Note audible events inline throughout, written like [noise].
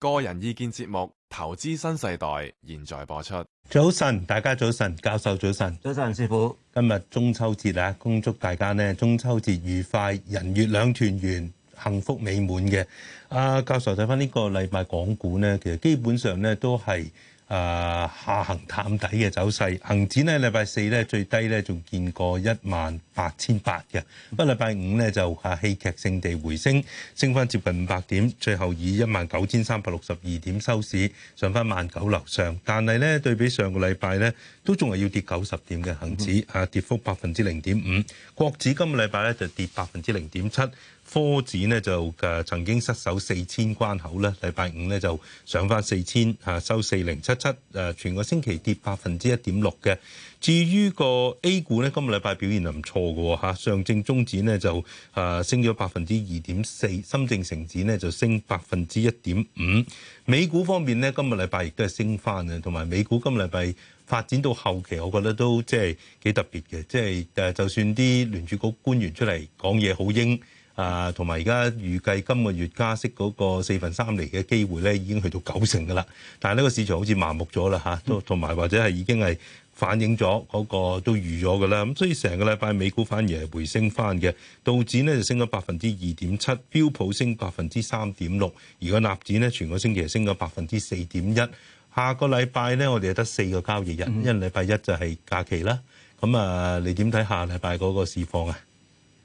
個人意見節目《投資新世代》現在播出。早晨，大家早晨，教授早晨，早晨師傅。今日中秋節啊，恭祝大家呢中秋節愉快，人月兩團圓，幸福美滿嘅。阿教授睇翻呢個禮拜港股呢，其實基本上呢都係。誒、uh, 下行探底嘅走勢，恒指呢禮拜四呢最低呢仲見過一萬八千八嘅。不過禮拜五呢就啊戲劇性地回升，升翻接近五百點，最後以一萬九千三百六十二點收市，上翻萬九樓上。但係呢對比上個禮拜呢都仲係要跌九十點嘅恒指，啊跌幅百分之零點五。國指今日禮拜呢就跌百分之零點七。科指呢就曾經失守四千關口咧，禮拜五咧就上翻四千，收四零七七，全個星期跌百分之一點六嘅。至於個 A 股咧，今日禮拜表現就唔錯喎，上證綜指呢就升咗百分之二點四，深證成指呢就升百分之一點五。美股方面呢，今日禮拜亦都係升翻啊，同埋美股今日禮拜發展到後期，我覺得都即係幾特別嘅，即係就算啲聯儲局官員出嚟講嘢好英。啊，同埋而家預計今個月加息嗰個四分三厘嘅機會咧，已經去到九成噶啦。但係呢個市場好似麻木咗啦嚇，都同埋或者係已經係反映咗嗰、那個都預咗噶啦。咁所以成個禮拜美股反而係回升翻嘅，道指呢就升咗百分之二點七，標普升百分之三點六，而個納指咧全個星期升咗百分之四點一。下個禮拜咧我哋得四個交易日，因為禮拜一就係假期啦。咁啊，你點睇下禮拜嗰個市況啊？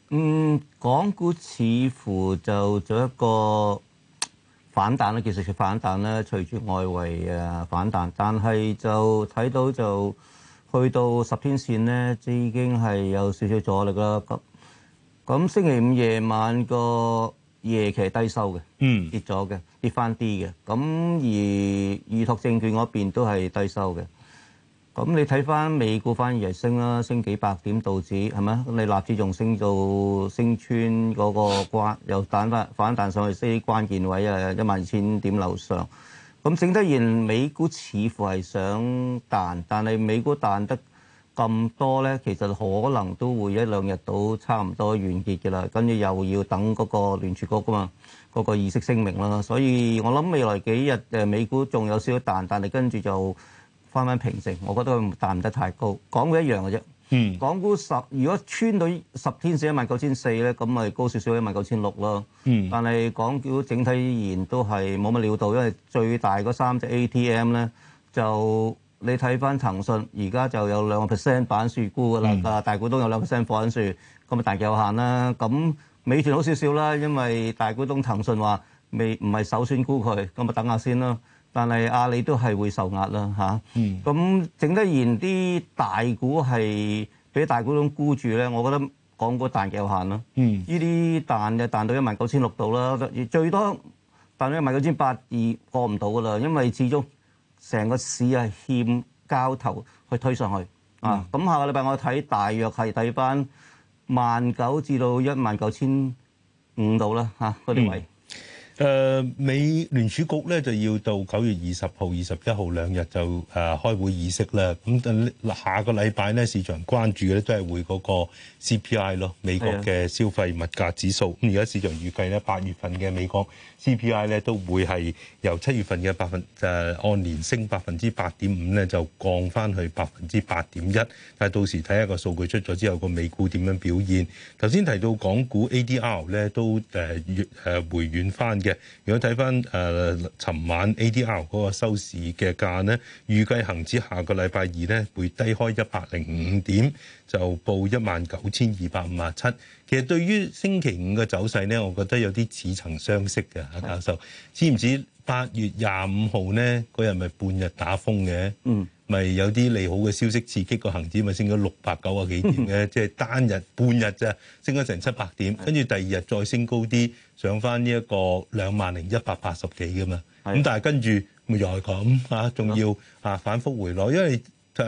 嗯，港股似乎就做一個反彈啦，其實係反彈啦。隨住外圍啊反彈，但係就睇到就去到十天線咧，即已經係有少少阻力啦。咁咁星期五夜晚個夜期係低收嘅，嗯，跌咗嘅，跌翻啲嘅。咁而預託證券嗰邊都係低收嘅。咁你睇翻美股，反而係升啦，升幾百點道指係咪？咁你納指仲升到升穿嗰個關，又彈翻反彈上去啲關鍵位啊，一萬二千點樓上。咁整得完美股似乎係想彈，但係美股彈得咁多咧，其實可能都會一兩日到差唔多完結嘅啦。跟住又要等嗰個聯儲局噶嘛，嗰個議息聲明啦。所以我諗未來幾日誒美股仲有少少彈，但係跟住就。翻翻平靜，我覺得佢唔彈得太高。港股一樣嘅啫。嗯、mm.。港股十如果穿到十天線一萬九千四咧，咁咪高少少一萬九千六咯。嗯、mm.。但係港股整體依然都係冇乜料到，因為最大嗰三隻 ATM 咧，就你睇翻騰訊，而家就有兩個 percent 擺喺樹沽㗎啦。啊、mm.，大股東有兩個 percent 放喺樹，咁咪大嘅有限啦。咁美團好少少啦，因為大股東騰訊話未唔係首先沽佢，咁咪等下先啦。但係阿里都係會受壓啦，咁、嗯、整得完啲大股係俾大股東沽住咧，我覺得港股彈極有限，嗯、呢啲彈就彈到一萬九千六度啦，最多彈到一萬九千八二過唔到噶啦，因為始終成個市係欠交投去推上去啊。咁、嗯、下個禮拜我睇大約係第二班萬九至到一萬九千五度啦，嗰啲位。嗯誒、uh, 美聯儲局咧就要到九月二十號、二十一號兩日就誒、啊、開會議息啦。咁、嗯、等下個禮拜呢，市場關注嘅咧都係會嗰個 CPI 咯，美國嘅消費物價指數。咁而家市場預計呢，八月份嘅美國 CPI 咧都會係由七月份嘅百分、啊、按年升百分之八點五咧，就降翻去百分之八點一。但係到時睇一個數據出咗之後，個美股點樣表現？頭先提到港股 ADR 咧都、啊啊、回軟翻。嘅，如果睇翻誒，尋晚 ADR 嗰個收市嘅價咧，預計恒指下個禮拜二咧會低開一百零五點，就報一萬九千二百五十七。其實對於星期五嘅走勢咧，我覺得有啲似曾相識嘅，阿教授。知唔知八月廿五號呢嗰日咪半日打風嘅？嗯。咪有啲利好嘅消息刺激個恒指咪升咗六百九啊幾點嘅， [laughs] 即係單日半日咋，升咗成七百點，跟 [laughs] 住第二日再升高啲，上返呢一個兩萬零一百八十幾㗎嘛。咁 [laughs] 但係跟住咪又係咁仲要反覆回落，因為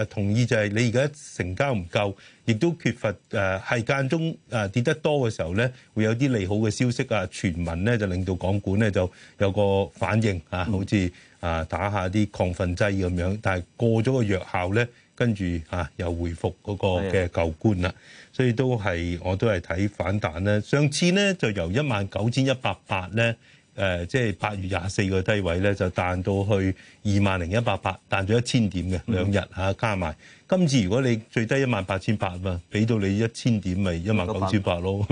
同意就係你而家成交唔夠，亦都缺乏誒係間中誒跌得多嘅時候咧，會有啲利好嘅消息啊傳聞咧，就令到港股咧就有個反應嚇，好似。啊！打下啲抗奮劑咁樣，但係過咗個藥效咧，跟住嚇又回復嗰個嘅舊觀啦，所以都係我都係睇反彈咧。上次咧就由一萬九千一百八咧，誒即係八月廿四個低位咧，就彈到去二萬零一百八，彈咗一千點嘅兩日嚇加埋。今次如果你最低一萬八千八嘛，俾到你一千點咪一萬九千八咯。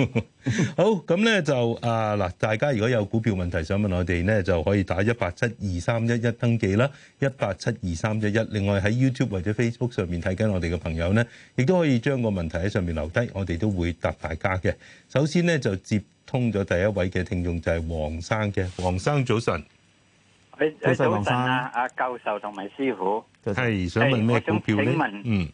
好，咁咧就啊嗱，大家如果有股票問題想問我哋咧，就可以打一八七二三一一登記啦，一八七二三一一。另外喺 YouTube 或者 Facebook 上面睇緊我哋嘅朋友咧，亦都可以將個問題喺上面留低，我哋都會答大家嘅。首先咧就接通咗第一位嘅聽眾就係黃生嘅，黃生早晨。你等一陣啊！阿教授同埋師傅係想問咩股票咧？請問，嗯，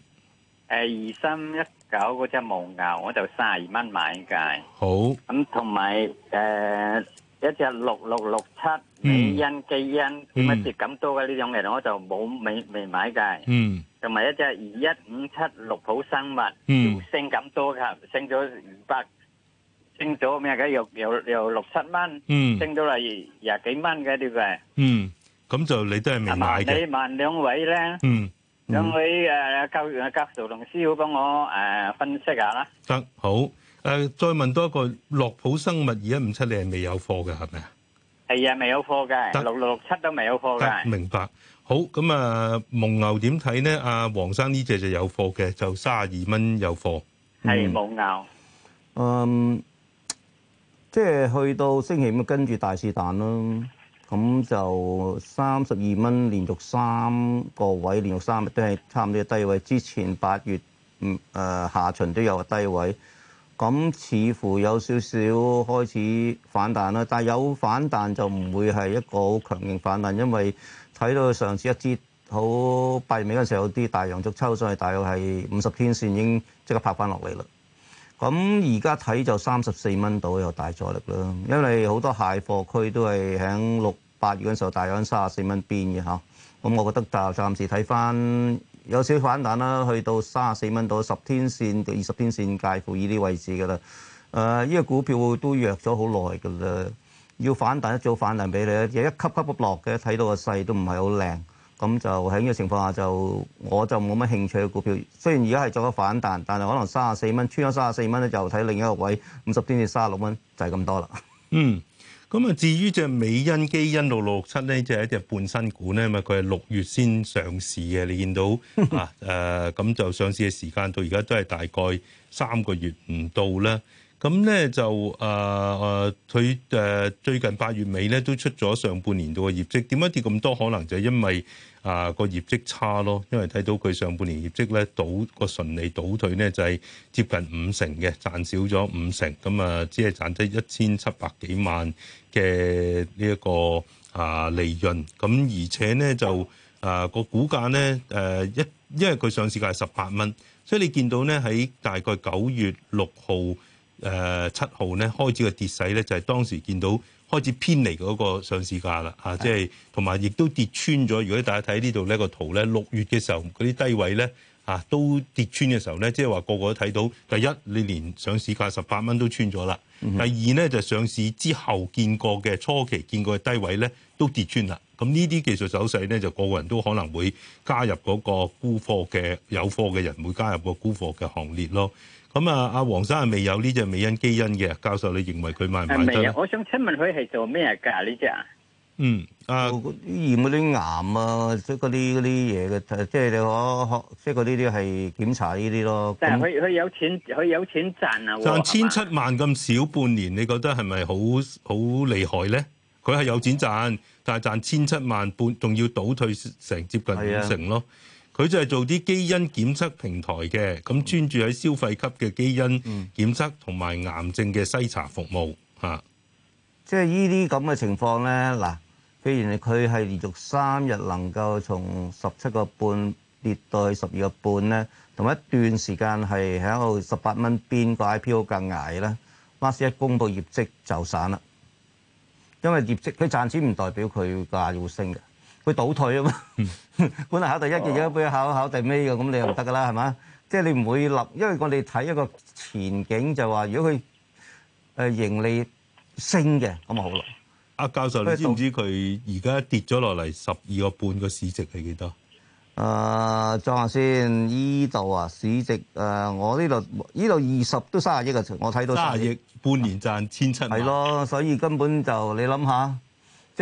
誒二三一九嗰隻毛牛我就卅二蚊買嘅，好。咁同埋誒一隻六六六七美因基因，點解跌咁多嘅呢種嘢，我就冇未未買嘅。嗯，同埋一隻二一五七六普生物，升咁多嘅，升咗五百。升咗咩嘅？又又又六七蚊，升到嚟廿幾蚊嘅啲嘅。嗯，咁就你都係未買嘅。你問兩位咧？嗯，兩位誒，教育嘅教授同師傅幫我誒分析下啦。得，好誒，再問多一個，樂普生物二一五七，你係未有貨嘅係咪啊？係啊，未有貨嘅，六六六七都未有貨嘅。明白。好，咁啊，蒙牛點睇？咧？阿黃生呢隻就有貨嘅，就三十二蚊有貨。係蒙牛。嗯。即係去到星期五，跟住大市彈咯，咁就三十二蚊連續三個位，連續三日都係差唔多低位。之前八月，嗯下旬都有個低位，咁似乎有少少開始反彈啦。但有反彈就唔會係一個好強勁反彈，因為睇到上次一支好八月尾嗰陣時啲大陽燭抽上去，大概係係五十天線已經即刻拍翻落嚟啦。咁而家睇就三十四蚊度有大阻力啦，因為好多蟹貨,貨區都係喺六八月嗰陣時候大約三十四蚊邊嘅嚇。咁我覺得就暫時睇翻有少少反彈啦，去到三十四蚊度十天線到二十天線介乎呢啲位置㗎啦。誒，呢個股票都弱咗好耐㗎啦，要反彈一早反彈俾你，有一級,級咁落嘅，睇到個勢都唔係好靚。咁就喺呢個情況下就我就冇乜興趣嘅股票。雖然而家係做咗反彈，但係可能三十四蚊穿咗三十四蚊咧，就睇另一個位五十邊至三十六蚊就係、是、咁多啦。嗯，咁啊至於隻美因基因六六六七呢，即、就、係、是、一隻半新股咧，咪佢係六月先上市嘅。你見到 [laughs] 啊？誒、呃，咁就上市嘅時間到而家都係大概三個月唔到啦。咁咧就啊啊，佢、呃、誒、呃、最近八月尾咧都出咗上半年度嘅業績，點解跌咁多？可能就係因為啊個、呃、業績差咯，因為睇到佢上半年業績咧倒個順利倒退呢，就係接近五成嘅賺少咗五成，咁啊只係賺得一千七百幾萬嘅呢一個啊、呃、利潤。咁而且呢，就啊個、呃、股價呢，誒、呃、一因為佢上市價係十八蚊，所以你見到呢喺大概九月六號。誒七號咧開始嘅跌勢咧，就係、是、當時見到開始偏離嗰個上市價啦，嚇、啊！即係同埋亦都跌穿咗。如果大家睇呢度呢個圖咧，六月嘅時候嗰啲低位咧嚇、啊、都跌穿嘅時候咧，即係話個個都睇到。第一，你連上市價十八蚊都穿咗啦、嗯。第二咧就是、上市之後見過嘅初期見過嘅低位咧都跌穿啦。咁呢啲技術手勢咧，就個個人都可能會加入嗰個沽貨嘅有貨嘅人會加入個沽貨嘅行列咯。咁啊，阿黃生係未有呢隻美因基因嘅教授，你認為佢買唔買得咧？我想問問佢係做咩㗎呢隻？嗯，啊驗啲癌啊，即係嗰啲啲嘢嘅，即係你可學即係嗰啲啲係檢查呢啲咯。但係佢佢有錢，佢有錢賺啊、哦！賺千七萬咁少半年，你覺得係咪好好厲害咧？佢係有錢賺，但係賺千七萬半，仲要倒退成接近五成咯。佢就係做啲基因檢測平台嘅，咁專注喺消費級嘅基因檢測同埋癌症嘅篩查服務、嗯、即係呢啲咁嘅情況咧，嗱，譬如佢係連續三日能夠從十七個半跌到十二個半咧，同埋一段時間係喺度十八蚊邊個 IPO 更矮咧 m s 一公布業績就散啦，因為業績佢賺錢唔代表佢價要升嘅。會倒退啊嘛，本來考第一，如果俾佢考考第尾嘅，咁你又唔得噶啦，係、哦、嘛？即係、就是、你唔會立，因為我哋睇一個前景就話，如果佢誒、呃、盈利升嘅，咁啊好咯。阿教授，你知唔知佢而家跌咗落嚟十二個半個市值係幾多？誒、呃，再下先，依度啊，市值誒、呃，我呢度依度二十都卅億嘅，我睇到卅億,億。半年賺千七。係咯，所以根本就你諗下。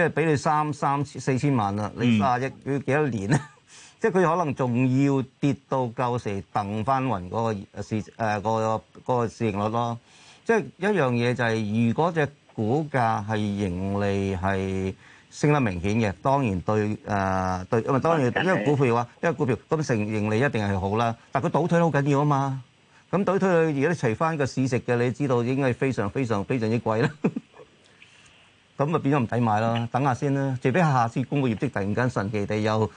即係俾你三三四千萬啦，你卅億要幾多年咧？ [laughs] 即係佢可能仲要跌到夠時掟翻勻嗰個市誒、呃那個、那個市盈率咯。即係一樣嘢就係、是，如果隻股價係盈利係升得明顯嘅，當然對誒、呃、對，因為當然因為股票嘅話，因為股票咁成盈利一定係好啦。但係佢倒退好緊要啊嘛。咁倒退，推而家除翻個市值嘅，你知道已經係非常非常非常之貴啦。咁咪變咗唔抵買咯，等下先啦。除非下次公布業績，突然間神奇地又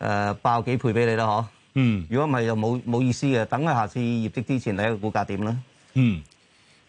誒爆幾倍俾你啦，嗬！嗯。如果唔係又冇冇意思嘅，等下下次業績之前睇個股價點啦。嗯。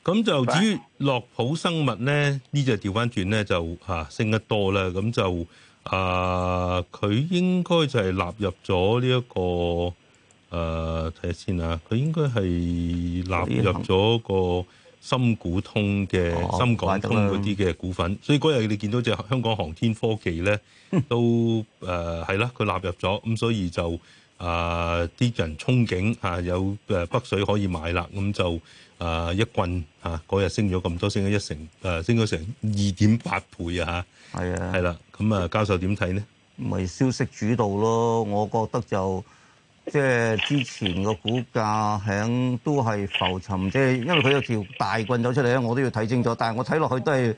咁就至於樂普生物咧，呢隻調翻轉咧，就嚇升得多啦。咁就啊，佢應該就係納入咗呢一個誒睇下先啊。佢應該係納入咗個。深股通嘅、啊、深港通嗰啲嘅股份，啊、所以嗰日你見到隻香港航天科技咧 [laughs] 都誒係啦，佢、呃、納入咗，咁所以就誒啲、呃、人憧憬嚇、啊、有誒、呃、北水可以買啦，咁就誒、呃、一棍嚇嗰日升咗咁多，升咗一成，誒升咗成二點八倍啊嚇！係啊，係啦，咁啊，啊教授點睇咧？咪消息主導咯，我覺得就。即係之前個股價響都係浮沉，即係因為佢有條大棍走出嚟咧，我都要睇清楚。但係我睇落去都係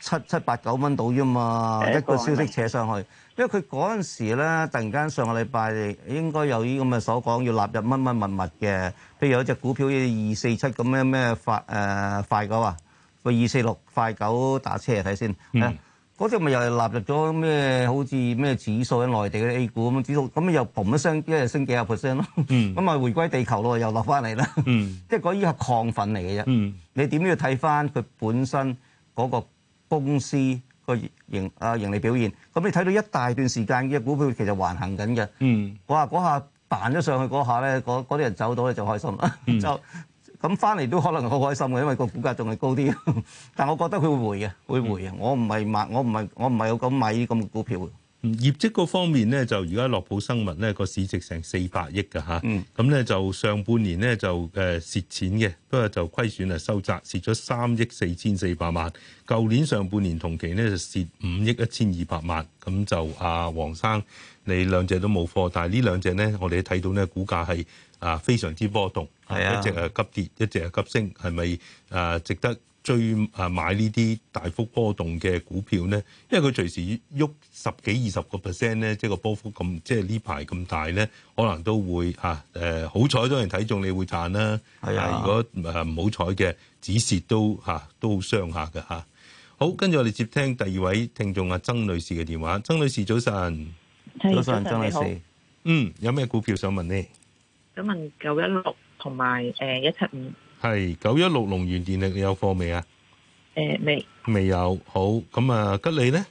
七七八九蚊到啫嘛，一個消息扯上去。因為佢嗰陣時咧，突然間上個禮拜應該有啲咁嘅所講，要納入乜乜物物嘅。譬如有一隻股票二四七咁咩咩快誒快狗啊，個二四六快狗，打車嚟睇先看看。嗯。嗰陣咪又係納入咗咩？好似咩指數喺內地嗰啲 A 股咁，指數咁又嘭一聲，一日升幾廿 percent 咯。咁、嗯、啊，回歸地球咯，又落翻嚟啦。即係嗰啲係亢奮嚟嘅啫。你點都要睇翻佢本身嗰個公司個盈啊盈利表現。咁你睇到一大段時間嘅、這個、股票其實橫行緊嘅。哇、嗯！嗰下彈咗上去嗰下咧，嗰啲人走咗咧就開心啦、嗯。就咁返嚟都可能好開心嘅，因為個股價仲係高啲。但我覺得佢會回嘅，會回嘅。我唔係買，我唔係，我唔係咁買呢個股票嘅。業績嗰方面咧，就而家樂普生物咧個市值成四百億㗎。嚇、嗯，咁咧就上半年咧就誒蝕錢嘅，不過就虧損係收窄，蝕咗三億四千四百萬。舊年上半年同期咧就蝕五億一千二百萬。咁就阿黃生，你兩隻都冇貨，但係呢兩隻咧，我哋睇到咧股價係啊非常之波動，一隻係急跌，一隻係急升，係咪啊值得？最啊買呢啲大幅波動嘅股票咧，因為佢隨時喐十幾二十個 percent 咧，即係個波幅咁，即係呢排咁大咧，可能都會嚇誒好彩都人睇中，你會賺啦。係啊，如果唔好彩嘅，止蝕都嚇、啊、都好傷下㗎嚇。好，跟住我哋接聽第二位聽眾啊，曾女士嘅電話。曾女士早晨，早晨曾女士，嗯，有咩股票想問呢？想問九一六同埋誒一七五。係九一六龍源電力，你有貨未啊？誒、呃，未未有。好咁啊，吉利咧？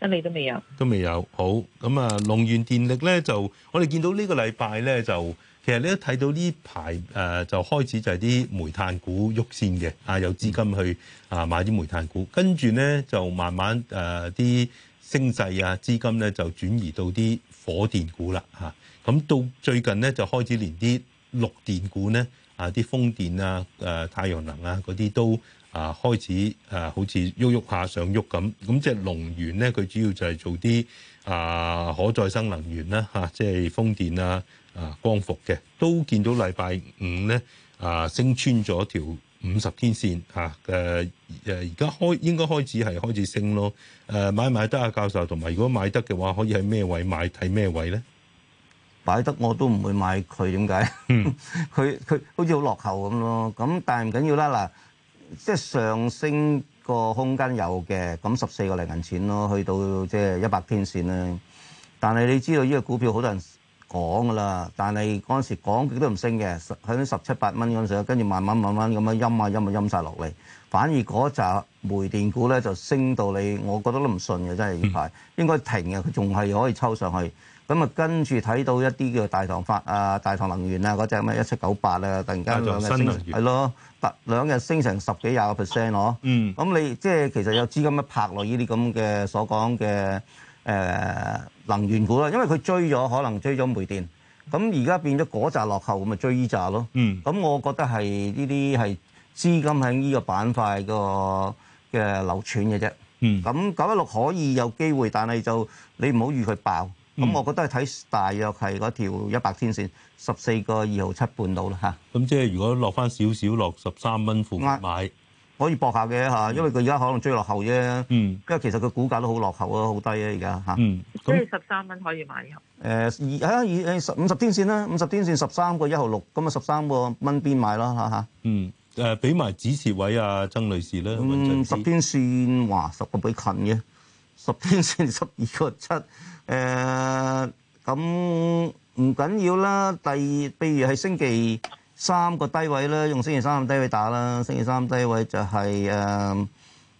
吉利都未有，都未有。好咁啊，龍源電力咧就，我哋見到個呢個禮拜咧就，其實你一睇到呢排誒就開始就係啲煤炭股喐先嘅，啊有資金去啊買啲煤炭股，跟住咧就慢慢誒啲升勢啊，資金咧就轉移到啲火電股啦，吓、啊、咁到最近咧就開始連啲綠電股咧。啊！啲風電啊、誒、呃、太陽能啊嗰啲都啊開始誒、啊、好似喐喐下上喐咁，咁即係龍源咧，佢主要就係做啲啊可再生能源啦嚇、啊，即係風電啊、啊光伏嘅，都見到禮拜五咧啊升穿咗條五十天線嚇誒誒，而、啊、家、啊、開應該開始係開始升咯。誒、啊、買買得啊教授，同埋如果買得嘅話，可以喺咩位買睇咩位咧？擺得我都唔會買佢，點解？佢、嗯、佢好似好落後咁咯。咁但係唔緊要啦，嗱，即係上升個空間有嘅。咁十四個零銀錢咯，去到即係一百天線啦，但係你知道呢個股票好多人講噶啦，但係嗰陣時講極都唔升嘅，喺啲十七八蚊嗰陣時，跟住慢慢慢慢咁樣陰啊陰啊陰晒落嚟。反而嗰集煤電股咧就升到你，我覺得都唔信嘅，真係呢排應該停嘅，佢仲係可以抽上去。咁啊，跟住睇到一啲叫做大唐發啊、大唐能源啊嗰隻咩一七九八啊，1798, 突然間兩日新能源，係咯，突兩日升成十幾廿個 percent 哦。嗯，咁你即係其實有資金一拍落呢啲咁嘅所講嘅誒能源股啦，因為佢追咗可能追咗煤電，咁而家變咗嗰紮落後，咁咪追依紮咯。嗯，咁我覺得係呢啲係資金喺呢個板塊個嘅流轉嘅啫。嗯，咁九一六可以有機會，但係就你唔好預佢爆。咁、嗯、我覺得係睇大約係嗰條一百天線十四個二號七半度啦嚇。咁即係如果落翻少少落十三蚊附近買，可以搏下嘅嚇、嗯，因為佢而家可能追落後啫。嗯，因為其實佢股價都好落後啊，好低啊而家嚇。嗯，嗯嗯即係十三蚊可以買入。誒二嚇二誒十五十天線啦，五十天線十三個一號六，咁啊十三蚊邊買啦嚇嚇。嗯誒，俾埋止蝕位啊，曾女士咧。嗯，十、嗯、天線話十個比近嘅。十天升十二個七，誒咁唔緊要啦。第二，譬如係星期三個低位咧，用星期三個低位打啦。星期三低位就係誒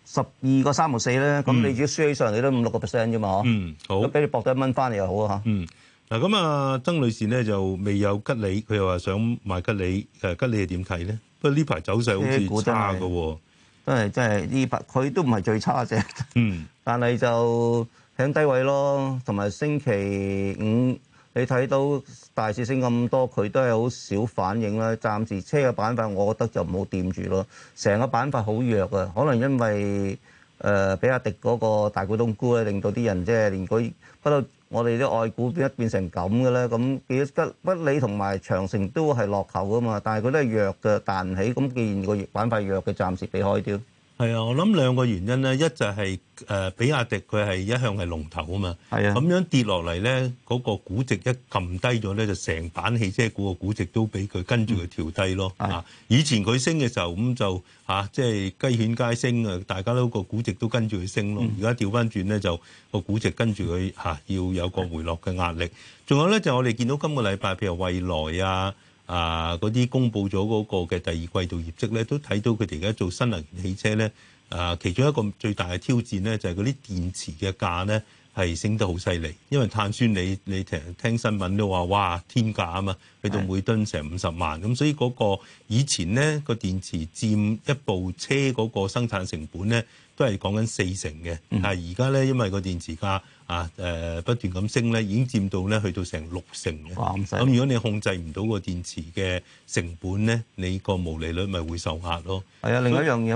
十二個三毫四咧。咁你只要輸起上嚟都五六個 percent 啫嘛。嗯，好。咁俾你搏多一蚊翻嚟又好啊嚇。嗯，嗱咁啊，曾女士咧就未有吉利，佢又話想買吉利。誒，吉利係點睇咧？不過呢排走勢好似差嘅喎。真係真係呢排，佢都唔係最差啫。嗯。但係就喺低位咯，同埋星期五你睇到大市升咁多，佢都係好少反應啦。暫時車嘅板塊我覺得就唔好掂住咯。成個板塊好弱啊，可能因為誒、呃、比亞迪嗰個大股東沽咧，令到啲人即係連佢不嬲，我哋啲外股變一變成咁嘅咧。咁幾得吉利同埋長城都係落後噶嘛，但係佢都係弱嘅彈唔起。咁既然個板塊弱，嘅暫時避開啲。係啊，我諗兩個原因咧，一就係誒比亞迪佢係一向係龍頭啊嘛，咁樣跌落嚟咧，嗰個估值一撳低咗咧，就成版汽車股個估值，估值都俾佢跟住佢調低咯。啊，以前佢升嘅時候咁就嚇，即係雞犬皆升啊，大家都個估值都跟住佢升咯。而家調翻轉咧，就個估值跟住佢嚇要有個回落嘅壓力。仲有咧就我哋見到今個禮拜譬如蔚來啊。啊！嗰啲公布咗嗰個嘅第二季度業績咧，都睇到佢哋而家做新能源汽車咧，啊，其中一個最大嘅挑戰咧，就係嗰啲電池嘅價咧係升得好犀利，因為碳酸你你聽，你聽新聞都話，哇，天價啊嘛，去到每噸成五十萬，咁所以嗰個以前咧個電池佔一部車嗰個生產成本咧。都係講緊四成嘅，但係而家咧，因為個電池價啊、呃、不斷咁升咧，已經佔到咧去到成六成嘅。咁如果你控制唔到個電池嘅成本咧，你個毛利率咪會受壓咯。係啊，另一樣嘢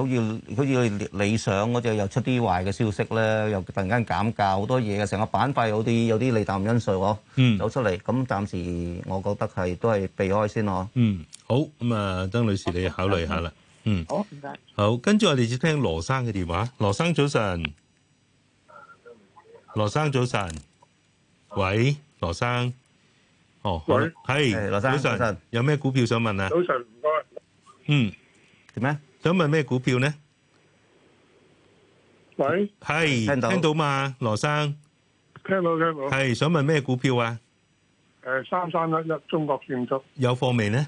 好似好似理想嗰隻又出啲壞嘅消息咧，又突然間減價好多嘢嘅，成個板塊好啲有啲利淡因素喎、嗯。走出嚟咁，暫時我覺得係都係避開先咯。嗯，好咁啊，曾女士你考慮下啦。Okay. 嗯，好唔該，好，跟住我哋接聽羅生嘅電話。羅生早晨，羅生早晨，喂，羅生，哦，喂，係羅生早晨，有咩股票想問啊？早晨唔該，嗯，點啊？想問咩股票呢？喂，係聽到嘛？羅生，聽到聽到，係想問咩股票啊？誒，三三一一中國建築有貨未呢？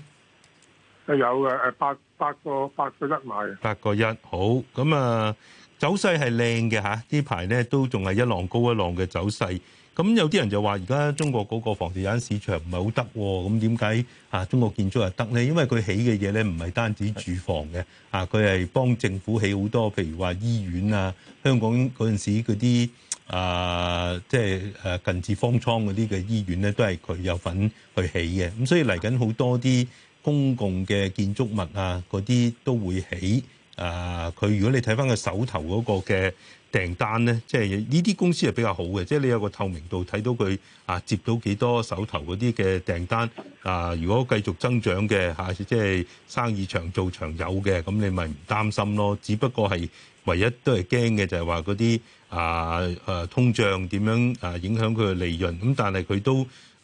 係有嘅，誒八八個八個一買，八個一，八個一好咁啊！走勢係靚嘅嚇，呢排咧都仲係一浪高一浪嘅走勢。咁有啲人就話：而家中國嗰個房地產市場唔係好得喎，咁點解啊？中國建築又得咧？因為佢起嘅嘢咧唔係單止住房嘅，啊佢係幫政府起好多，譬如話醫院啊，香港嗰陣時嗰啲啊，即係誒近似方艙嗰啲嘅醫院咧，都係佢有份去起嘅。咁所以嚟緊好多啲。公共嘅建築物啊，嗰啲都會起誒。佢如果你睇翻佢手頭嗰個嘅訂單咧，即係呢啲公司係比較好嘅，即係你有個透明度，睇到佢啊接到幾多手頭嗰啲嘅訂單啊。如果繼續增長嘅，下次即係生意長做長有嘅，咁你咪唔擔心咯。只不過係唯一都係驚嘅就係話嗰啲啊誒、啊、通脹點樣啊影響佢嘅利潤，咁但係佢都。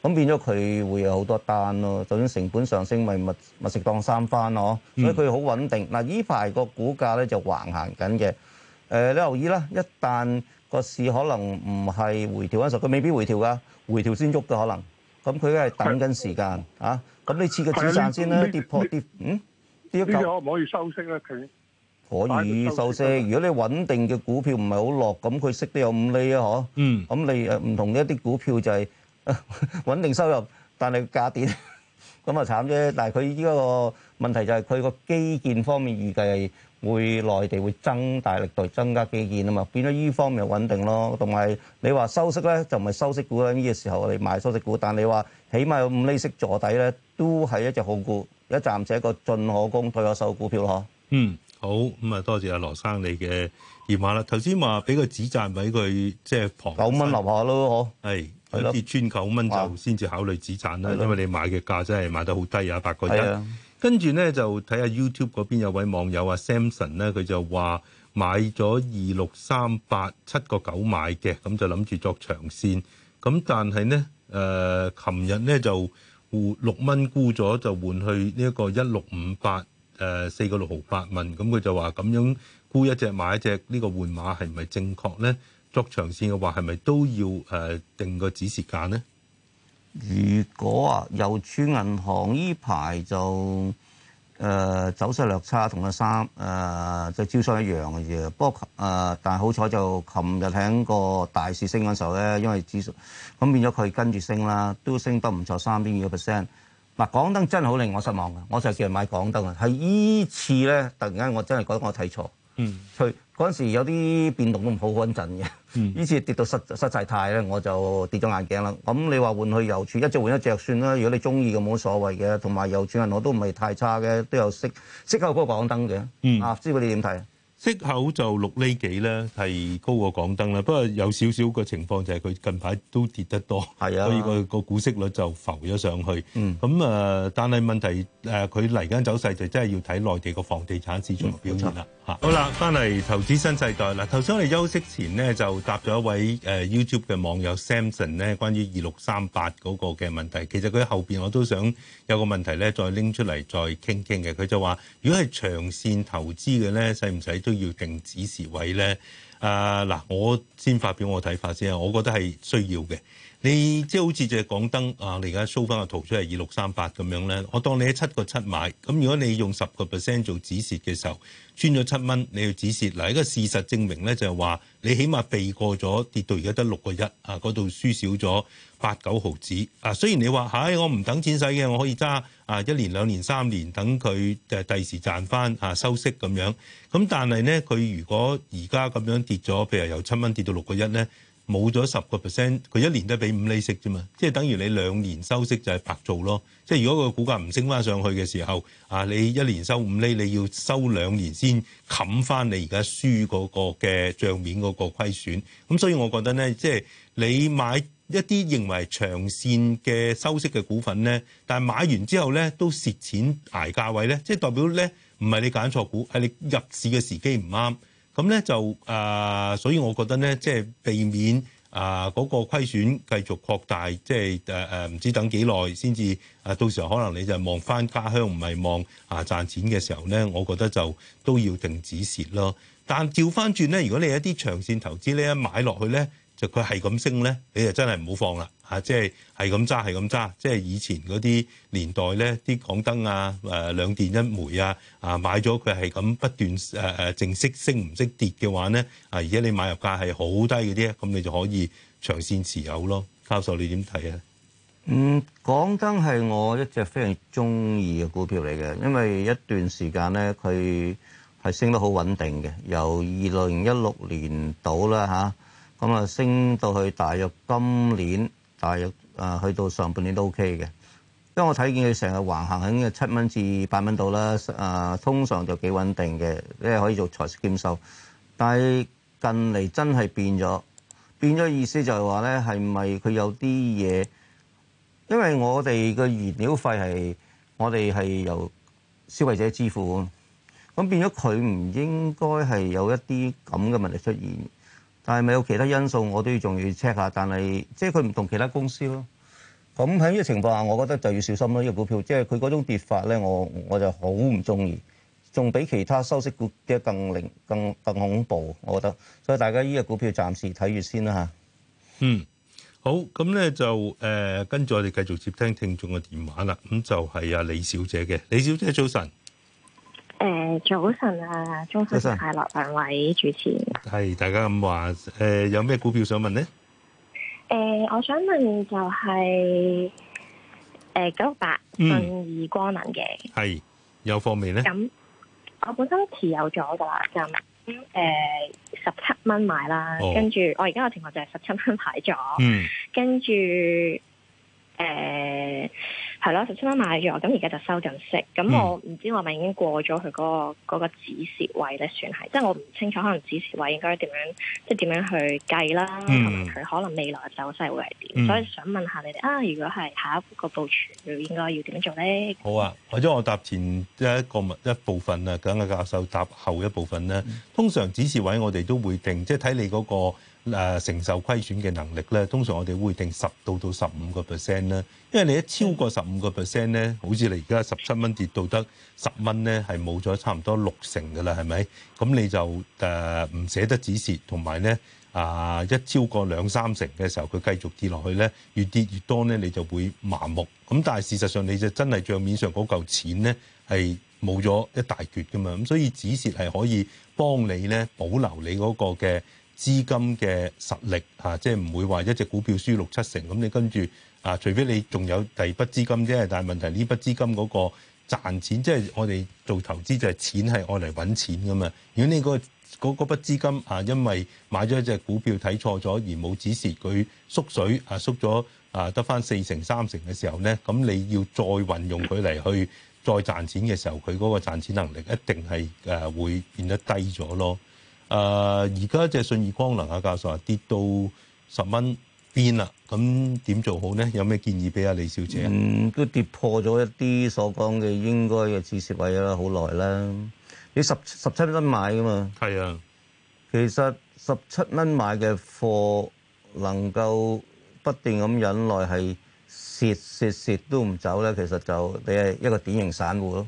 咁變咗佢會有好多單咯。就算成本上升、so well, .Eh, well, uh, so ah? so，咪咪咪食當三番咯。所以佢好穩定嗱。依排個股價咧就橫行緊嘅。誒，你留意啦。一旦個市可能唔係回調嗰陣，佢未必回調噶，回調先喐嘅可能。咁佢係等緊時間啊。咁你切個止賺先啦。跌破跌嗯跌一嚿可唔可以收息咧？佢可以收息。如果你穩定嘅股票唔係好落，咁佢息都有五厘啊。嗬。嗯。咁你誒唔同一啲股票就係。穩 [laughs] 定收入，但係價跌，咁啊慘啫！但係佢依一個問題就係佢個基建方面預計係會內地會增大力度增加基建啊嘛，變咗依方面又穩定咯。同埋你話收息咧，就唔係收息股啦。呢個時候我哋買收息股，但係你話起碼有五厘息坐底咧，都係一隻好股，一暫且一個進可攻退可守股票嗬。嗯，好咁啊，多謝阿羅生你嘅電話啦。頭先話俾個指贊俾佢，即係旁九蚊樓下咯，嗬。係。好似穿九蚊就先至考慮止賺啦，因為你買嘅價真係買得好低啊，八個一。跟住咧就睇下 YouTube 嗰邊有位網友啊 Samson 咧，佢就話買咗二六三八七個九買嘅，咁就諗住作長線。咁但係呢，誒、呃，琴日、呃這個、呢，就六蚊沽咗，就換去呢一個一六五八誒四個六毫八蚊。咁佢就話咁樣沽，一隻買一隻呢個換碼係唔係正確呢？作長線嘅話，係咪都要誒、呃、定個指示價咧？如果啊，郵儲銀行呢排就誒、呃、走勢略差，同阿三誒即係招商一樣嘅嘢。不過誒、呃，但係好彩就琴日喺個大市升嗰時候咧，因為指數咁變咗佢跟住升啦，都升得唔錯，三點二個 percent。嗱，港、呃、燈真係好令我失望嘅，我就叫人買港燈嘅，喺呢次咧突然間我真係覺得我睇錯。嗯，佢嗰陣時有啲變動都唔好穩陣嘅。呢、嗯、次跌到失失曬態咧，我就跌咗眼鏡啦。咁你話換去郵儲一隻換一隻算啦。如果你中意嘅冇所謂嘅，同埋郵儲銀我都唔係太差嘅，都有息息口高港燈嘅。嗯，啊，知唔知你點睇？息口就六厘幾咧，係高過港燈啦。不過有少少個情況就係佢近排都跌得多，係啊，所以、個、個股息率就浮咗上去。嗯，咁啊、呃，但係問題佢嚟緊走勢就真係要睇內地個房地產市場嘅表現啦。嗯。好啦，翻嚟投資新世代啦。頭先我哋休息前咧，就答咗一位 YouTube 嘅網友 Samson 咧，關於二六三八嗰個嘅問題。其實佢喺後邊我都想有個問題咧，再拎出嚟再傾傾嘅。佢就話：如果係長線投資嘅咧，使唔使都要定止蝕位咧？啊嗱，我先發表我睇法先啊。我覺得係需要嘅。你即係好似就係港燈啊！你而家 show 翻個圖出嚟二六三八咁樣咧，我當你喺七個七買，咁如果你用十個 percent 做止蝕嘅時候，穿咗七蚊，你要止蝕嗱。呢個事實證明咧，就係話你起碼避過咗跌到而家得六個一啊！嗰度輸少咗八九毫子啊。雖然你話唉、哎，我唔等錢使嘅，我可以揸啊，一年兩年三年等佢誒第時賺翻啊收息咁樣。咁但係咧，佢如果而家咁樣跌咗，譬如由七蚊跌到六個一咧。冇咗十個 percent，佢一年都係俾五厘息啫嘛，即係等於你兩年收息就係白做咯。即係如果個股價唔升翻上去嘅時候，啊，你一年收五厘，你要收兩年先冚翻你而家輸嗰個嘅帳面嗰個虧損。咁所以我覺得咧，即係你買一啲認為長線嘅收息嘅股份咧，但係買完之後咧都蝕錢捱價位咧，即係代表咧唔係你揀錯股，係你入市嘅時機唔啱。咁咧就誒、呃，所以我覺得咧，即係避免誒嗰個虧損繼續擴大，即係誒誒唔知等幾耐先至啊，到時候可能你就望翻家鄉，唔係望啊賺錢嘅時候咧，我覺得就都要停止蝕咯。但調翻轉咧，如果你一啲長線投資咧買落去咧。就佢係咁升咧，你就真係唔好放啦嚇，即係係咁揸係咁揸，即係以前嗰啲年代咧，啲港燈啊、兩電一煤啊，啊買咗佢係咁不斷淨係升唔識跌嘅話咧，啊而家你買入價係好低嗰啲，咁你就可以長線持有咯。教授你點睇啊？嗯，港燈係我一隻非常中意嘅股票嚟嘅，因為一段時間咧佢係升得好穩定嘅，由二零一六年到啦嚇。咁啊，升到去大約今年大約啊，去到上半年都 O K 嘅，因為我睇見佢成日橫行喺七蚊至八蚊度啦，啊，通常就幾穩定嘅，即係可以做財息兼收。但係近嚟真係變咗，變咗意思就係話咧，係咪佢有啲嘢？因為我哋嘅燃料費係我哋係由消費者支付，咁變咗佢唔應該係有一啲咁嘅問題出現。但係咪有其他因素，我都要仲要 check 下。但係即係佢唔同其他公司咯。咁喺呢個情況下，我覺得就要小心咯。呢個股票即係佢嗰種跌法咧，我我就好唔中意，仲比其他收息股嘅更凌、更更恐怖。我覺得，所以大家呢個股票暫時睇住先啦。吓，嗯，好。咁咧就誒跟住我哋繼續接聽聽眾嘅電話啦。咁就係、是、阿李小姐嘅，李小姐早晨。誒、呃，早晨啊，早晨，係兩位主持。係大家咁話，誒、呃，有咩股票想問呢？誒、呃，我想問就係、是，誒、呃，九六八信義光能嘅係、嗯，有方面呢？咁我本身持有咗噶啦，就咁誒十七蚊買啦，跟、哦、住、哦、我而家嘅情況就係十七蚊買咗，跟、嗯、住。誒係咯，十七蚊買咗，咁而家就收緊息。咁我唔知我咪已經過咗佢嗰個止蝕位咧，算係。即係我唔清楚，可能止蝕位應該點樣，即係點樣去計啦。同埋佢可能未來嘅走勢會係點，嗯，所以想問下你哋啊，如果係下一個部署，應該要點做咧？好啊，或者我答前一個一部分啊，咁阿教授答後一部分咧。通常止蝕位我哋都會定，即係睇你嗰，嗰個。誒、呃、承受虧損嘅能力咧，通常我哋會定十到到十五個 percent 啦。因為你一超過十五個 percent 咧，好似你而家十七蚊跌到得十蚊咧，係冇咗差唔多六成㗎啦，係咪？咁你就呃、唔捨得止蝕，同埋咧啊，一超過兩三成嘅時候，佢繼續跌落去咧，越跌越多咧，你就會麻木。咁但係事實上，你就真係帳面上嗰嚿錢咧係冇咗一大橛㗎嘛，咁所以止蝕係可以幫你咧保留你嗰個嘅。資金嘅實力嚇、啊，即係唔會話一隻股票輸六七成咁，咁你跟住啊，除非你仲有第二筆資金啫。但係問題呢筆資金嗰個賺錢，即係我哋做投資就係錢係愛嚟揾錢噶嘛。如果你、嗰個嗰嗰筆資金啊，因為買咗一隻股票睇錯咗而冇止蝕佢縮水啊，縮咗啊得返四成三成嘅時候咧，咁你要再運用佢嚟去再賺錢嘅時候，佢嗰個賺錢能力一定係誒、啊、會變得低咗咯。誒而家即係信義光能啊，教授啊跌到十蚊邊啦，咁點做好咧？有咩建議俾阿李小姐？嗯，都跌破咗一啲所講嘅應該嘅支持位啦，好耐啦。你十十七蚊買噶嘛？係啊，其實十七蚊買嘅貨能夠不斷咁忍耐係蝕蝕蝕都唔走咧，其實就你係一個典型散戶咯。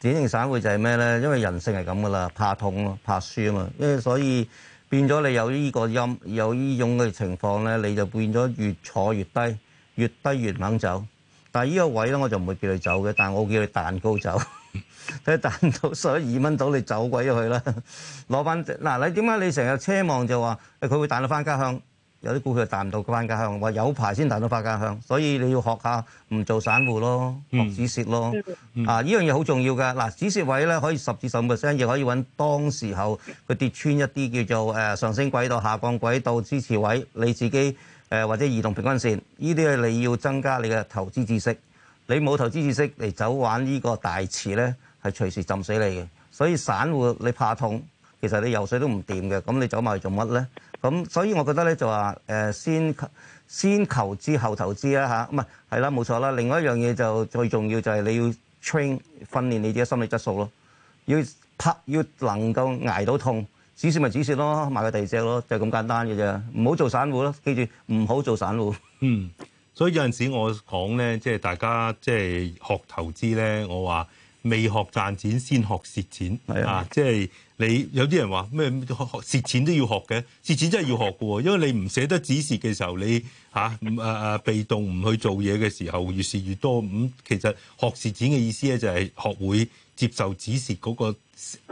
典型散會就係咩咧？因為人性係咁噶啦，怕痛咯，怕輸啊嘛。因為所以變咗你有呢個音，有呢種嘅情況咧，你就變咗越坐越低，越低越猛走。但係呢個位咧，我就唔會叫你走嘅，但我會叫你彈高走。睇 [laughs] 彈 [laughs] 到十二蚊到，你走鬼咗去啦！攞翻嗱，啊、你點解你成日奢望就話佢、哎、會彈到翻家鄉？有啲股票彈唔到返家鄉，話有排先彈到返家鄉，所以你要學下唔做散戶咯，學止蝕咯。啊，呢、嗯、樣嘢好重要嘅。嗱，止蝕位咧，可以十至十五 percent，亦可以揾當時候佢跌穿一啲叫做誒、呃、上升軌道、下降軌道支持位，你自己誒、呃、或者移動平均線，呢啲係你要增加你嘅投資知識。你冇投資知識嚟走玩呢個大池咧，係隨時浸死你嘅。所以散戶你怕痛，其實你游水都唔掂嘅，咁你走埋去做乜咧？咁所以我覺得咧，就話誒，先先求知後投資啊，吓，唔係係啦，冇錯啦。另外一樣嘢就最重要就係你要 train 訓練你自己心理質素咯，要拍要能夠挨到痛，止蝕咪止蝕咯，買個第二隻咯，就係咁簡單嘅啫。唔好做散戶咯，記住唔好做散戶。嗯，所以有陣時我講咧，即係大家即係學投資咧，我話未學賺錢先學蝕錢係啊，即係。你有啲人話咩蝕錢都要學嘅，蝕錢真係要學嘅喎，因為你唔捨得止蝕嘅時候，你嚇啊啊，被動唔去做嘢嘅時候，越蝕越多，咁、嗯、其實學蝕錢嘅意思咧就係學會接受止蝕嗰個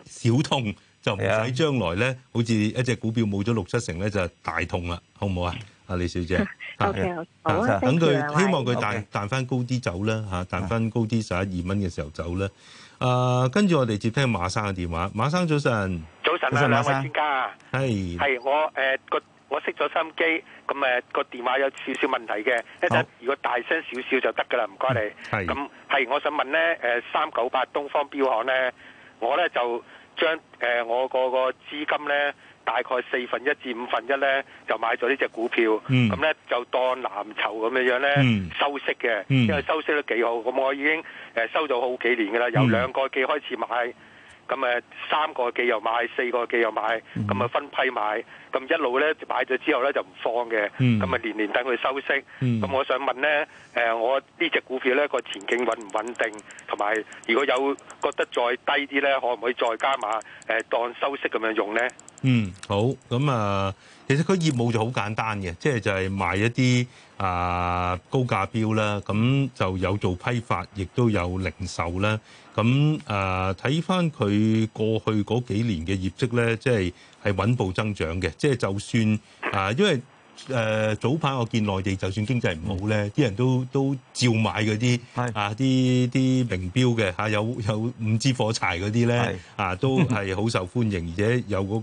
小痛，就唔使將來咧，好似一隻股票冇咗六七成咧，就大痛啦，好唔好啊？嗯阿李小姐，多、okay，謝好，等佢，希望佢彈、okay。彈翻高啲走啦，嚇，彈翻高啲十一二蚊嘅時候走啦。誒，跟、呃、住我哋接聽馬生嘅電話，馬生早晨，早晨啊，兩位專家啊，係，係我誒個、呃、我熄咗收音機，咁、那、誒個電話有少少問題嘅，一陣如果大聲少少就得噶啦，唔該你，係，咁係我想問咧誒三九八東方表行咧，我咧就將誒、呃、我嗰個資金咧。大概四分一至五分一呢，就買咗呢隻股票，咁、嗯、呢，就當藍籌咁樣呢，嗯、收息嘅，嗯，因為收息都幾好，咁我已經收咗好幾年噶啦，由兩個幾開始買。嗯咁誒三個記又買，四個記又買，咁、嗯、誒分批買，咁一路咧就買咗之後咧就唔放嘅，咁誒年年等佢收息。咁、嗯、我想問咧，誒我呢隻股票咧個前景穩唔穩定？同埋如果有覺得再低啲咧，可唔可以再加碼誒當收息咁樣用咧？嗯，好，咁啊。Uh…… 其實佢業務就好簡單嘅，即係就係賣一啲啊高價標啦，咁就有做批發，亦都有零售啦。咁啊睇翻佢過去嗰幾年嘅業績咧，即係係穩步增長嘅。即係就算啊，因為。誒、呃、早排我見內地就算經濟唔好咧，啲、嗯、人都都照買嗰啲啊，啲啲名錶嘅、啊、有有五支火柴嗰啲咧，啊都係好受歡迎，嗯、而且有嗰、嗰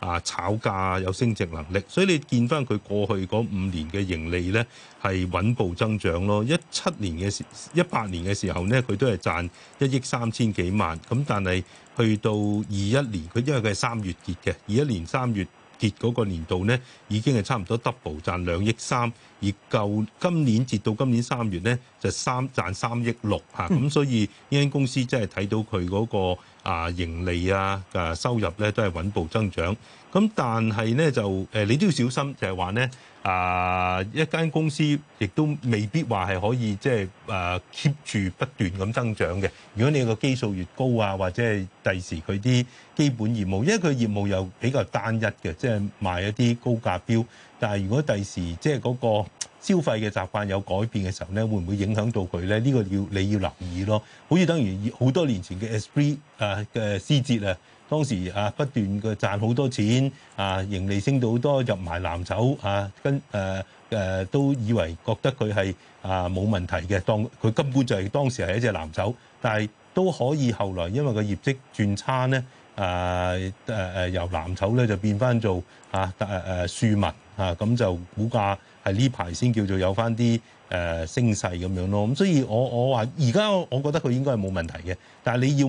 個啊炒價有升值能力，所以你見翻佢過去嗰五年嘅盈利咧係穩步增長咯。一七年嘅時，一八年嘅時候咧，佢都係賺一億三千幾萬，咁但係去到二一年，佢因為佢係三月結嘅，二一年三月。結、那、嗰個年度呢，已經係差唔多 double 賺兩億三。而舊今年截到今年三月咧，就三賺三億六咁、嗯啊、所以呢間公司即係睇到佢嗰、嗰個啊盈利啊，啊收入咧都係穩步增長。咁但係咧就你都要小心，就係話咧啊一間公司亦都未必話係可以即係誒 keep 住不斷咁增長嘅。如果你個基數越高啊，或者係第時佢啲基本業務，因為佢業務又比較單一嘅，即、就、係、是、賣一啲高價標。但係如果第時即係嗰個消費嘅習慣有改變嘅時候咧，會唔會影響到佢咧？呢、呢個要你要留意咯。好似等於好多年前嘅 Esprit 啊嘅思捷啊，當時啊不斷嘅賺好多錢啊，盈利升到好多，入埋藍籌啊，跟誒誒、啊啊、都以為覺得佢係啊冇問題嘅，當佢根本就係當時係一隻藍籌，但係都可以後來因為個業績轉差咧。誒誒誒由藍籌咧就變翻做嚇誒誒庶民嚇，咁、啊、就股價係呢排先叫做有翻啲誒升勢咁樣咯，咁所以我我話而家我覺得佢應該係冇問題嘅，但係你要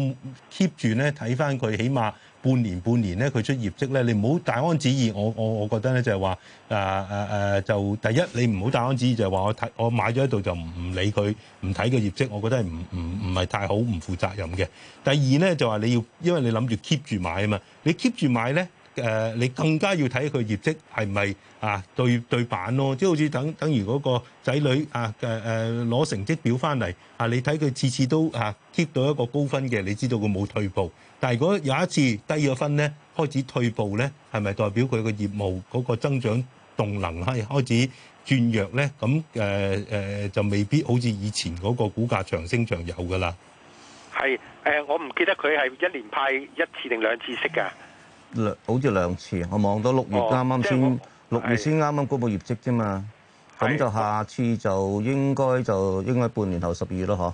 keep 住咧睇翻佢，起碼。半年半年咧，佢出業績咧，你唔好大安旨意。我我我覺得咧就係話誒誒就第一你唔好大安旨意就，就係話我睇我買咗一度就唔唔理佢，唔睇佢業績，我覺得係唔唔唔係太好，唔負責任嘅。第二咧就話你要，因為你諗住 keep 住買啊嘛，你 keep 住買咧誒、啊，你更加要睇佢業績係咪啊對對版咯，即好似等等如嗰個仔女啊誒攞、啊啊、成績表翻嚟啊，你睇佢次次都啊 keep 到一個高分嘅，你知道佢冇退步。但如果有一次低咗分咧，開始退步咧，係咪代表佢個業務嗰、那個增長動能咧開始轉弱咧？咁誒誒就未必好似以前嗰個股價長升長有噶啦。係誒、呃，我唔記得佢係一年派一次定兩次息噶，兩好似兩次。我望到六月啱啱先，六、哦就是、月先啱啱公布業績啫嘛。咁就下次就應該就應該半年後十二月咯，嗬。.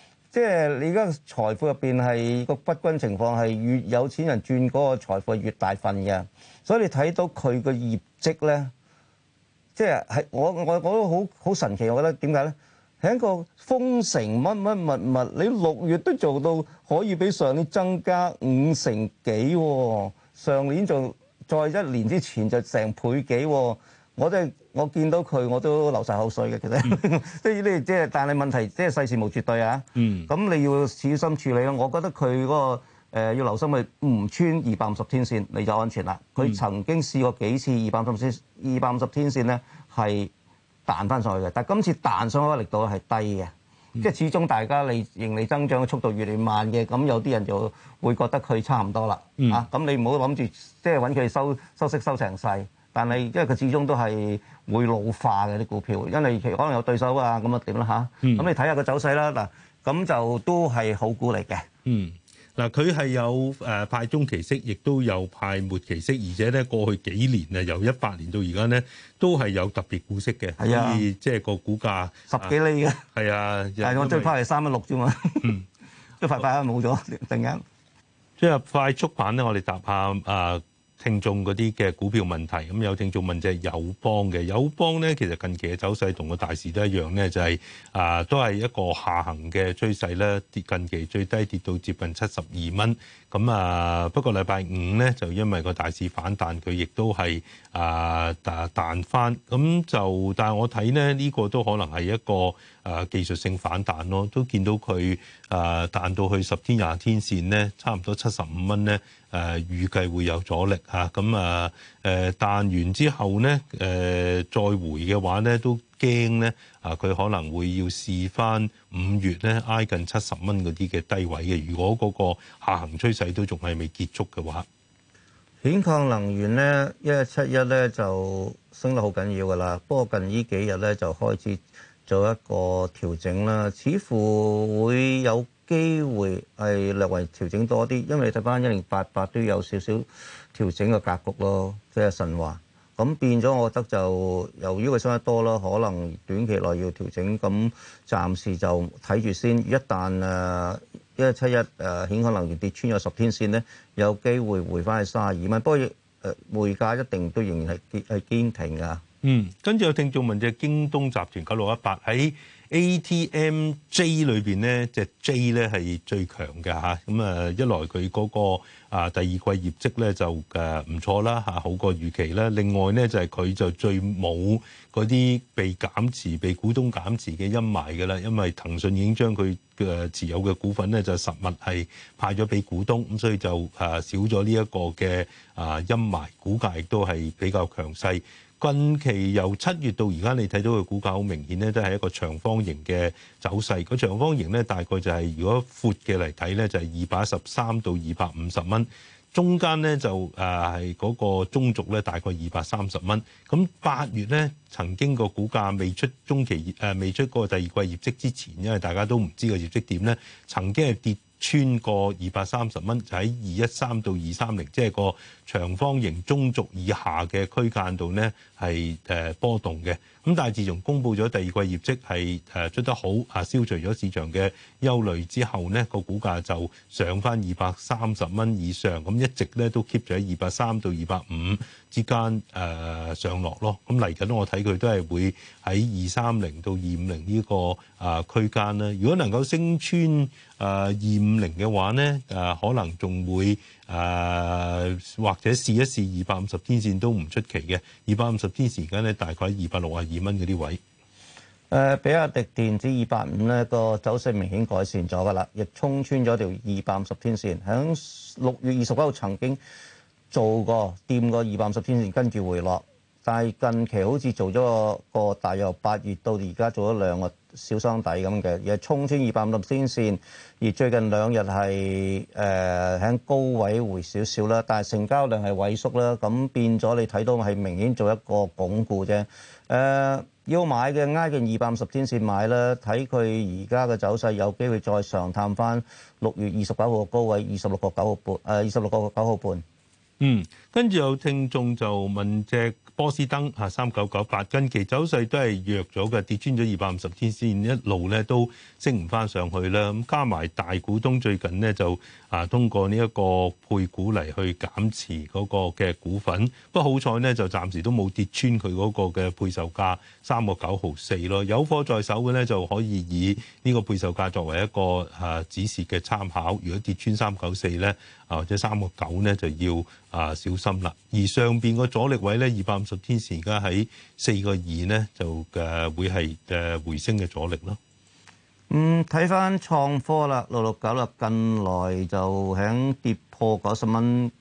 即係你而家財富入面係個不均情況，係越有錢人轉嗰個財富越大份嘅，所以你睇到佢個業績咧，即係我我我都好好神奇，我覺得點解咧？係一個封城乜乜物物，你六月都做到可以比上年增加五成幾喎，上年就再一年之前就成倍幾喎。我真、就、係、是、我見到佢我都流晒口水嘅，其實即係呢，即、嗯、係 [laughs] 但係問題即係世事無絕對啊！咁、嗯、你要小心處理咯。我覺得佢嗰、那個、呃、要留心去唔穿二百五十天線你就安全啦。佢、嗯、曾經試過幾次二百五十天二百五十天線咧係彈翻上去嘅，但係今次彈上去嘅力度係低嘅，即、嗯、係始終大家利盈利增長嘅速度越嚟越慢嘅，咁有啲人就會覺得佢差唔多啦嚇。咁、嗯啊、你唔好諗住即係揾佢收收息收成細。但係，因為佢始終都係會老化嘅啲股票，因為其可能有對手啊，咁啊點啦嚇。咁你睇下個走勢啦，嗱，咁就都係好股嚟嘅。嗯，嗱，佢係有誒派中期息，亦都有派末期息，而且咧過去幾年啊，由一八年到而家咧，都係有特別股息嘅，所以即係個股價十幾釐嘅。係啊，但係我最怕係三蚊六啫嘛，快快啊冇咗，突然間。即係快速板咧，我哋答下誒。聽眾嗰啲嘅股票問題，咁有聽眾問就係友邦嘅友邦咧，其實近期嘅走勢同個大市都一樣咧，就係、係、啊都係一個下行嘅趨勢咧，跌近期最低跌到接近七十二蚊，咁啊不過禮拜五咧就因為個大市反彈，佢亦都係啊啊彈翻，咁就但係我睇咧呢、呢個都可能係一個。誒技術性反彈咯，都見到佢誒彈到去十天廿天線咧，差唔多七十五蚊咧。誒預計會有阻力嚇，咁啊誒彈完之後咧，誒再回嘅話咧，都驚咧啊！佢可能會要試翻五月咧挨近七十蚊嗰啲嘅低位嘅。如果嗰個下行趨勢都仲係未結束嘅話，兗礦能源咧，一一七一咧就升得好緊要噶啦。不過近呢幾日咧就開始做一個調整啦，似乎會有機會係略為調整多啲，因為你睇翻一零八八都有少少調整嘅格局咯，即係神話。咁變咗，我覺得就由於佢升得多啦，可能短期內要調整。咁暫時就睇住先。一旦誒一七一誒顯可能要跌穿咗十天線咧，有機會回翻去三十二蚊。不過誒匯價一定都仍然係堅係堅挺噶。嗯，跟住有聽眾問嘅，京東集團九六一八喺 A T M J 裏邊咧，即係 J 咧係最強嘅嚇。咁誒一來佢嗰個啊第二季業績咧就誒唔錯啦嚇，好過預期啦。另外咧就係佢就最冇嗰啲被減持、被股東減持嘅陰霾嘅啦，因為騰訊已經將佢誒持有嘅股份咧就實物係派咗俾股東，咁所以就誒少咗呢一個嘅啊陰霾，股價亦都係比較強勢。近期由七月到而家，你睇到個股價好明顯咧，都係一個長方形嘅走勢。個長方形咧，大概就係如果闊嘅嚟睇咧，就係二百一十三到二百五十蚊。中間咧就誒係嗰個中軸咧，大概二百三十蚊。咁八月咧，曾經個股價未出中期誒未出過第二季業績之前，因為大家都唔知個業績點咧，曾經係跌穿過二百三十蚊，就喺二一三到二三零，即係個。長方形中軸以下嘅區間度呢，係誒波動嘅，咁但係自從公布咗第二季業績係誒出得好，啊消除咗市場嘅憂慮之後呢，個股價就上返二百三十蚊以上，咁一直咧都 keep 咗喺二百三到二百五之間誒上落咯。咁嚟緊我睇佢都係會喺二三零到二五零呢個啊區間咧，如果能夠升穿誒二五零嘅話呢，誒可能仲會誒、呃、或。或者試一試二百五十天線都唔出奇嘅，二百五十天時間咧大概二百六啊二蚊嗰啲位。誒，比亞迪電子二百五咧個走勢明顯改善咗噶啦，亦衝穿咗條二百五十天線，喺六月二十九號曾經做過、掂過二百五十天線，跟住回落。但係近期好似做咗個大約八月到而家做咗兩個小雙底咁嘅，而又衝穿二百五十天線，而最近兩日係誒喺高位回少少啦，但係成交量係萎縮啦，咁變咗你睇到係明顯做一個鞏固啫。誒、呃、要買嘅挨近二百五十天線買啦，睇佢而家嘅走勢有機會再上探翻六月二十九號嘅高位二十六個九個半誒二十六個九個半。嗯，跟住有聽眾就問隻波斯登三九九八近期走勢都係弱咗嘅，跌穿咗二百五十天線一路咧都升唔翻上去啦。咁加埋大股東最近呢就啊通過呢一個配股嚟去減持嗰個嘅股份，不過好彩呢，就暫時都冇跌穿佢嗰個嘅配售價三個九毫四咯。有貨在手嘅咧就可以以呢個配售價作為一個啊指示嘅參考。如果跌穿三九四咧啊或者三個九咧就要啊小心啦。而上面個阻力位咧二百五。天時而家喺四個二咧，就嘅會係誒回升嘅阻力咯。嗯，睇翻創科啦，六六九啦，近來就喺跌破九十蚊，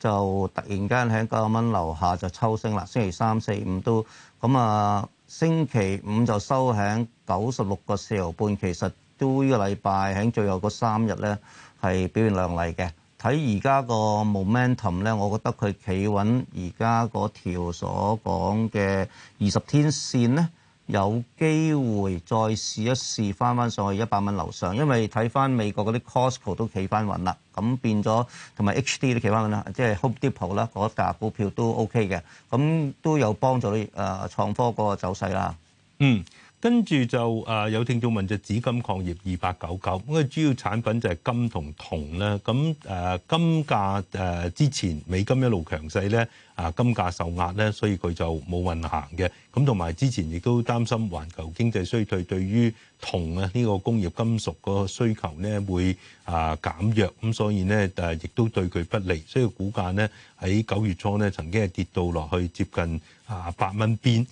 就突然間喺九十蚊樓下就抽升啦。星期三四五都咁啊，星期五就收喺九十六個四毫半，其實都呢個禮拜喺最後嗰三日咧係表現亮麗嘅。睇而家個 momentum 咧，我覺得佢企穩而家嗰條所講嘅二十天線咧，有機會再試一試翻翻上去一百蚊樓上，因為睇翻美國嗰啲 Costco 都企翻穩啦，咁變咗同埋 HD 都企翻穩啦，即係 Home Depot 啦嗰架股票都 OK 嘅，咁都有幫助你誒、呃、創科嗰個走勢啦。嗯。跟住就誒有聽眾問就紫金礦業二八九九，咁佢主要產品就係金同銅啦咁誒金價誒之前美金一路強勢咧，啊金價受壓咧，所以佢就冇運行嘅。咁同埋之前亦都擔心環球經濟衰退，對於銅啊呢個工業金屬個需求咧會啊減弱，咁所以咧誒亦都對佢不利，所以股價咧喺九月初咧曾經係跌到落去接近啊八蚊邊。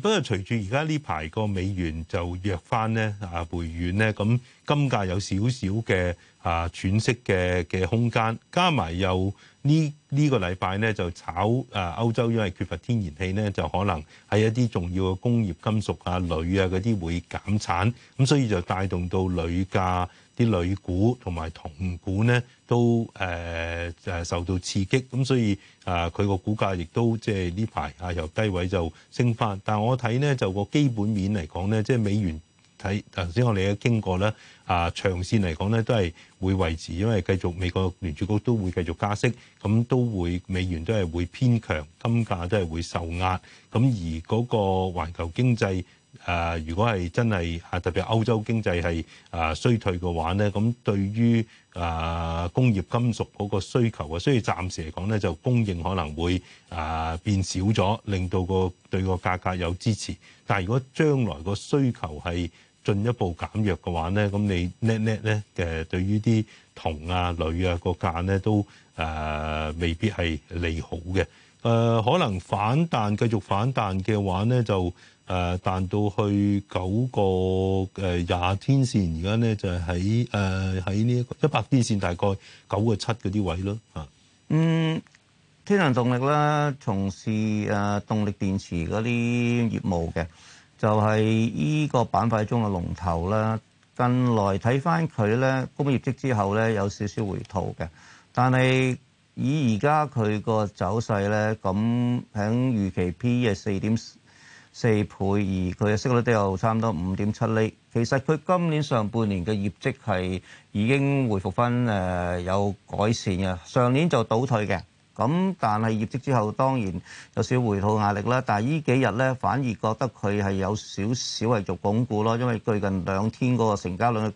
不過， [coughs] 隨住而家呢排個美元就弱翻咧，啊，回軟咧，咁金價有少少嘅啊喘息嘅嘅空間，加埋又呢呢、呢個禮拜咧就炒啊歐洲，因為缺乏天然氣咧，就可能係一啲重要嘅工業金屬啊鋁啊嗰啲會減產，咁所以就帶動到鋁價。啲鋁股同埋銅股咧都誒誒、呃、受到刺激，咁所以啊佢個股價亦都即係呢排啊由低位就升翻。但係我睇咧就個基本面嚟講咧，即係美元睇頭先我哋嘅經過啦，啊、呃、長線嚟講咧都係會維持，因為繼續美國聯儲局都會繼續加息，咁都會美元都係會偏強，金價都係會受壓，咁而嗰個環球經濟。誒、呃，如果係真係啊，特別是歐洲經濟係誒、呃、衰退嘅話咧，咁對於誒、呃、工業金屬嗰個需求啊，所以暫時嚟講咧，就供應可能會誒、呃、變少咗，令到、那個對個價格有支持。但係如果將來個需求係進一步減弱嘅話咧，咁你叻叻咧嘅對於啲銅啊、鋁啊個價咧都誒未必係利好嘅。誒、呃、可能反彈繼續反彈嘅話咧就。誒彈到去九個誒廿天線，而家咧就係喺誒喺呢一個一百天線大概九個七嗰啲位咯。嚇，嗯，天能動力咧，從事誒動力電池嗰啲業務嘅，就係、是、依個板塊中嘅龍頭啦。近來睇翻佢咧，公布業績之後咧有少少回吐嘅，但係以而家佢個走勢咧，咁喺預期 P E 係四點。四倍二，佢嘅息率都有差唔多五點七厘。其實佢今年上半年嘅業績係已經回復翻誒有改善嘅。上年就倒退嘅，咁但係業績之後當然有少少回吐壓力啦。但係呢幾日咧，反而覺得佢係有少少係做鞏固咯。因為最近兩天嗰個成交量係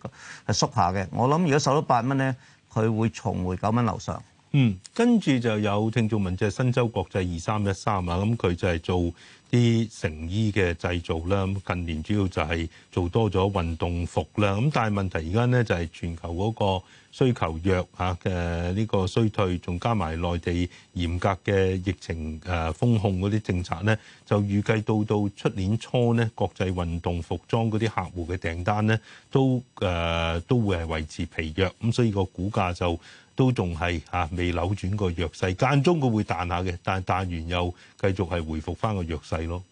縮下嘅。我諗如果收到八蚊咧，佢會重回九蚊樓上。嗯，跟住就有聽眾問，即係新洲國際二三一三啊，咁佢就係做。啲成衣嘅製造啦，近年主要就係做多咗運動服啦。咁但係問題而家咧就係全球嗰個需求弱嚇嘅呢個衰退，仲加埋內地嚴格嘅疫情誒封控嗰啲政策咧，就預計到到出年初咧，國際運動服裝嗰啲客戶嘅訂單咧都誒、呃、都會係維持疲弱咁，所以個股價就。都仲係未扭轉個弱勢，間中佢會彈下嘅，但係彈完又繼續係回復翻個弱勢咯。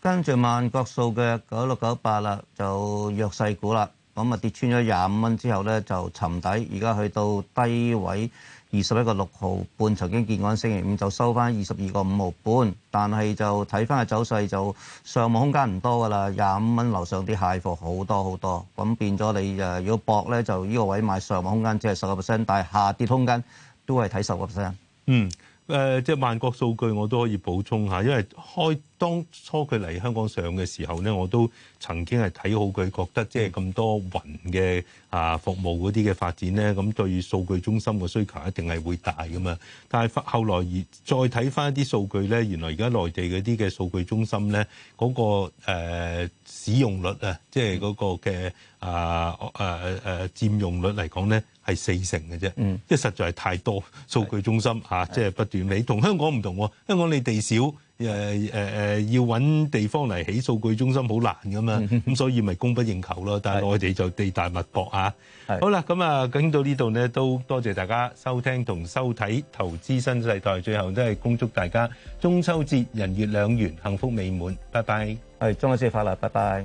跟住萬國數嘅九六九八啦，就弱勢股啦，咁啊跌穿咗廿五蚊之後咧，就沉底，而家去到低位。二十一個六毫半曾經見，嗰星期五就收翻二十二個五毫半，但係就睇翻個走勢，就上網空間唔多㗎啦，廿五蚊樓上啲蟹貨好多好多，咁變咗你如果博咧，就呢個位買上網空間只係十個 percent，但係下跌空間都係睇十個 percent。嗯，誒、呃、即係萬國數據我都可以補充一下，因為開。當初佢嚟香港上嘅時候咧，我都曾經係睇好佢，覺得即係咁多雲嘅啊服務嗰啲嘅發展咧，咁對於數據中心嘅需求一定係會大㗎嘛。但係後來越再睇返啲數據咧，原來而家內地嗰啲嘅數據中心咧，嗰、嗰個、呃、使用率啊，即係嗰個嘅啊啊啊佔用率嚟講咧，係四成嘅啫。嗯，即係實在係太多數據中心吓，即係、啊即係、不斷你同香港唔同，香港你地少。誒、呃、誒、呃、要揾地方嚟起數據中心好難噶嘛，咁 [laughs] 所以咪供不應求咯。但係我哋就地大物博啊。好啦，咁啊傾到呢度咧，都多謝大家收聽同收睇《投資新世代》，最後都係恭祝大家中秋節人月兩圓，幸福美滿。拜拜。係中秋節快樂，拜拜。